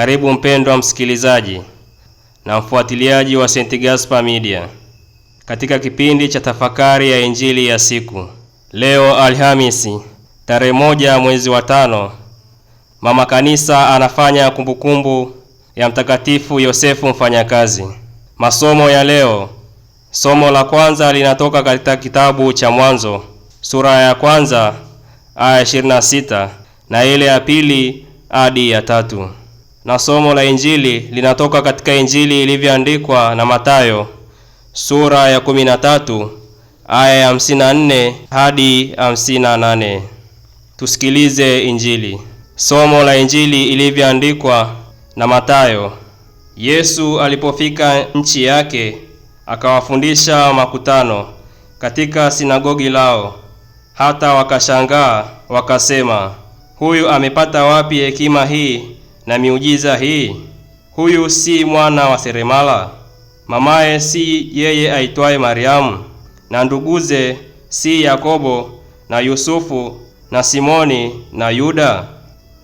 Karibu mpendwa msikilizaji na mfuatiliaji wa St. Gaspar Media katika kipindi cha tafakari ya injili ya siku. Leo Alhamisi tarehe moja mwezi wa tano, mama kanisa anafanya kumbukumbu ya Mtakatifu Yosefu Mfanyakazi. Masomo ya leo, somo la kwanza linatoka katika kitabu cha Mwanzo sura ya kwanza aya 26 na ile ya pili hadi ya tatu na somo la Injili linatoka katika Injili ilivyoandikwa na Mathayo sura ya 13 aya ya 54 hadi 58. Tusikilize Injili. Somo la Injili ilivyoandikwa na Mathayo. Yesu alipofika nchi yake akawafundisha makutano katika sinagogi lao, hata wakashangaa wakasema, huyu amepata wapi hekima hii na miujiza hii, huyu si mwana wa seremala, mamaye si yeye aitwaye Mariamu, na nduguze si Yakobo na Yusufu na Simoni na Yuda,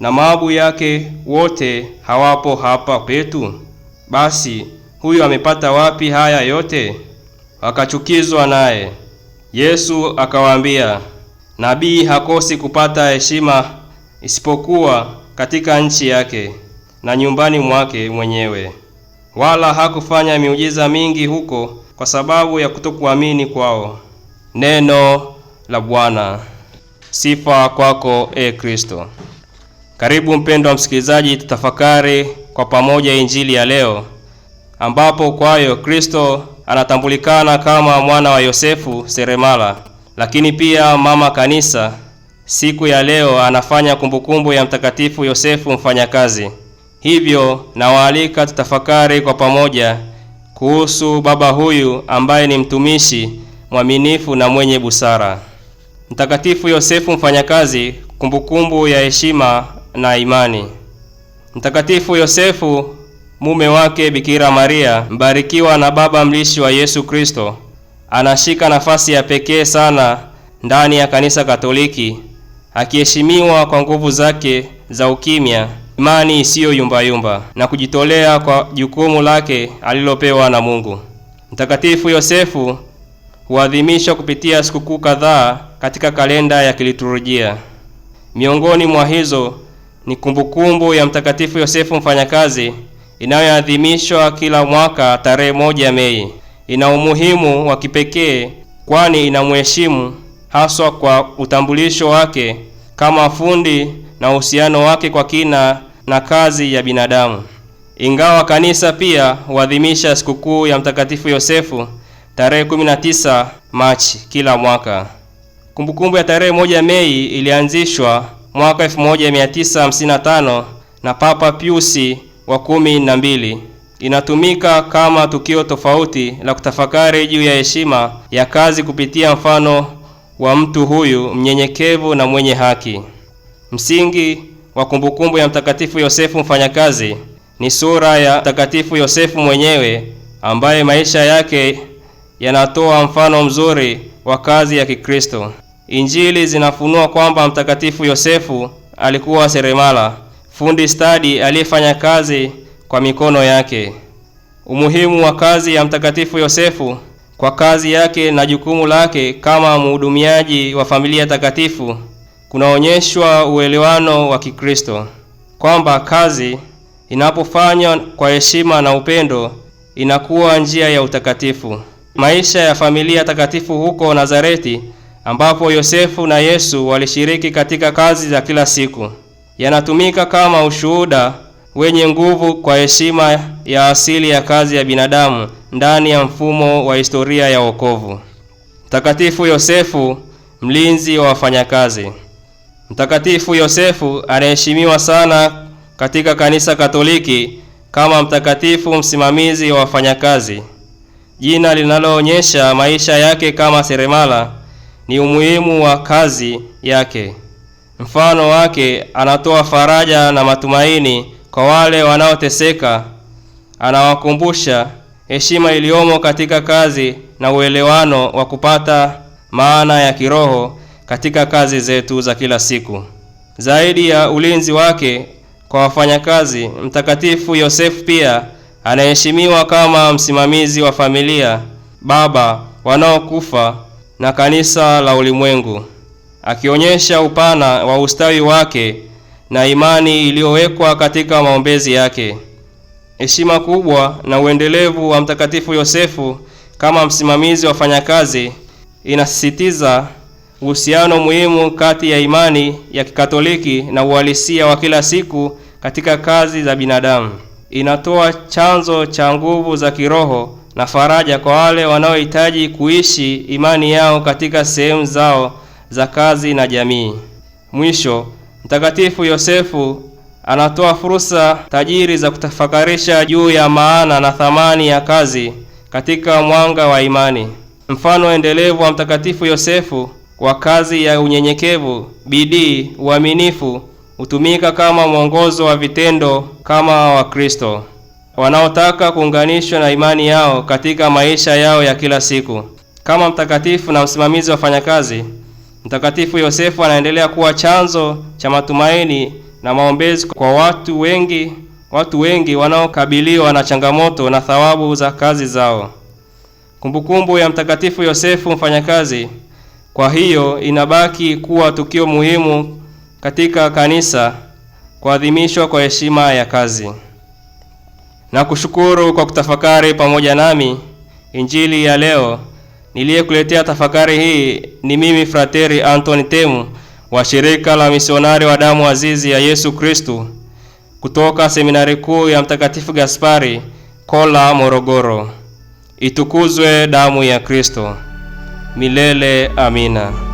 na maabu yake wote hawapo hapa kwetu? Basi huyu amepata wapi haya yote? Wakachukizwa naye. Yesu akawaambia, nabii hakosi kupata heshima isipokuwa katika nchi yake na nyumbani mwake mwenyewe, wala hakufanya miujiza mingi huko kwa sababu ya kutokuamini kwao. Neno la Bwana. Sifa kwako e Kristo. Karibu mpendwa msikilizaji, tutafakari kwa pamoja injili ya leo, ambapo kwayo Kristo anatambulikana kama mwana wa Yosefu seremala, lakini pia mama kanisa siku ya leo anafanya kumbukumbu ya Mtakatifu Yosefu mfanyakazi. Hivyo nawaalika tutafakari kwa pamoja kuhusu baba huyu ambaye ni mtumishi mwaminifu na mwenye busara. Mtakatifu Yosefu mfanyakazi, kumbukumbu ya heshima na imani. Mtakatifu Yosefu mume wake Bikira Maria, mbarikiwa na baba mlishi wa Yesu Kristo, anashika nafasi ya pekee sana ndani ya Kanisa Katoliki akiheshimiwa kwa nguvu zake za ukimya, imani isiyo yumbayumba na kujitolea kwa jukumu lake alilopewa na Mungu. Mtakatifu Yosefu huadhimishwa kupitia sikukuu kadhaa katika kalenda ya kiliturujia. Miongoni mwa hizo ni kumbukumbu kumbu ya Mtakatifu Yosefu mfanyakazi inayoadhimishwa kila mwaka tarehe moja Mei. Ina umuhimu wa kipekee kwani inamheshimu haswa kwa utambulisho wake kama fundi na uhusiano wake kwa kina na kazi ya binadamu. Ingawa kanisa pia huadhimisha sikukuu ya Mtakatifu Yosefu tarehe 19 Machi kila mwaka. Kumbukumbu ya tarehe moja Mei ilianzishwa mwaka 1955 na Papa Piusi wa kumi na mbili. Inatumika kama tukio tofauti la kutafakari juu ya heshima ya kazi kupitia mfano wa mtu huyu mnyenyekevu na mwenye haki. Msingi wa kumbukumbu ya Mtakatifu Yosefu mfanyakazi ni sura ya Mtakatifu Yosefu mwenyewe ambaye maisha yake yanatoa mfano mzuri wa kazi ya Kikristo. Injili zinafunua kwamba Mtakatifu Yosefu alikuwa seremala, fundi stadi aliyefanya kazi kwa mikono yake. Umuhimu wa kazi ya Mtakatifu Yosefu kwa kazi yake na jukumu lake kama mhudumiaji wa familia takatifu kunaonyeshwa uelewano wa Kikristo, kwamba kazi inapofanywa kwa heshima na upendo inakuwa njia ya utakatifu. Maisha ya familia takatifu huko Nazareti, ambapo Yosefu na Yesu walishiriki katika kazi za kila siku, yanatumika kama ushuhuda wenye nguvu kwa heshima ya asili ya kazi ya binadamu ndani ya mfumo wa historia ya wokovu. Mtakatifu Yosefu, mlinzi wa wafanyakazi. Mtakatifu Yosefu anaheshimiwa sana katika Kanisa Katoliki kama mtakatifu msimamizi wa wafanyakazi, jina linaloonyesha maisha yake kama seremala ni umuhimu wa kazi yake. Mfano wake anatoa faraja na matumaini kwa wale wanaoteseka, anawakumbusha heshima iliyomo katika kazi na uelewano wa kupata maana ya kiroho katika kazi zetu za kila siku. Zaidi ya ulinzi wake kwa wafanyakazi, Mtakatifu Yosefu pia anaheshimiwa kama msimamizi wa familia, baba wanaokufa na kanisa la ulimwengu, akionyesha upana wa ustawi wake na imani iliyowekwa katika maombezi yake. Heshima kubwa na uendelevu wa Mtakatifu Yosefu kama msimamizi wa wafanyakazi inasisitiza uhusiano muhimu kati ya imani ya Kikatoliki na uhalisia wa kila siku katika kazi za binadamu. Inatoa chanzo cha nguvu za kiroho na faraja kwa wale wanaohitaji kuishi imani yao katika sehemu zao za kazi na jamii. Mwisho, Mtakatifu Yosefu anatoa fursa tajiri za kutafakarisha juu ya maana na thamani ya kazi katika mwanga wa imani. Mfano endelevu wa Mtakatifu Yosefu wa kazi ya unyenyekevu, bidii, uaminifu hutumika kama mwongozo wa vitendo kama Wakristo wanaotaka kuunganishwa na imani yao katika maisha yao ya kila siku. Kama mtakatifu na msimamizi wa wafanyakazi, Mtakatifu Yosefu anaendelea kuwa chanzo cha matumaini na maombezi kwa watu wengi, watu wengi wanaokabiliwa na changamoto na thawabu za kazi zao. Kumbukumbu ya Mtakatifu Yosefu mfanyakazi, kwa hiyo inabaki kuwa tukio muhimu katika kanisa, kuadhimishwa kwa heshima ya kazi. Na kushukuru kwa kutafakari pamoja nami injili ya leo. Niliyekuletea tafakari hii ni mimi Frateri Anthony Temu wa shirika la misionari wa damu azizi ya Yesu Kristu kutoka seminari kuu ya Mtakatifu Gaspari Kola, Morogoro. Itukuzwe damu ya Kristo! Milele amina.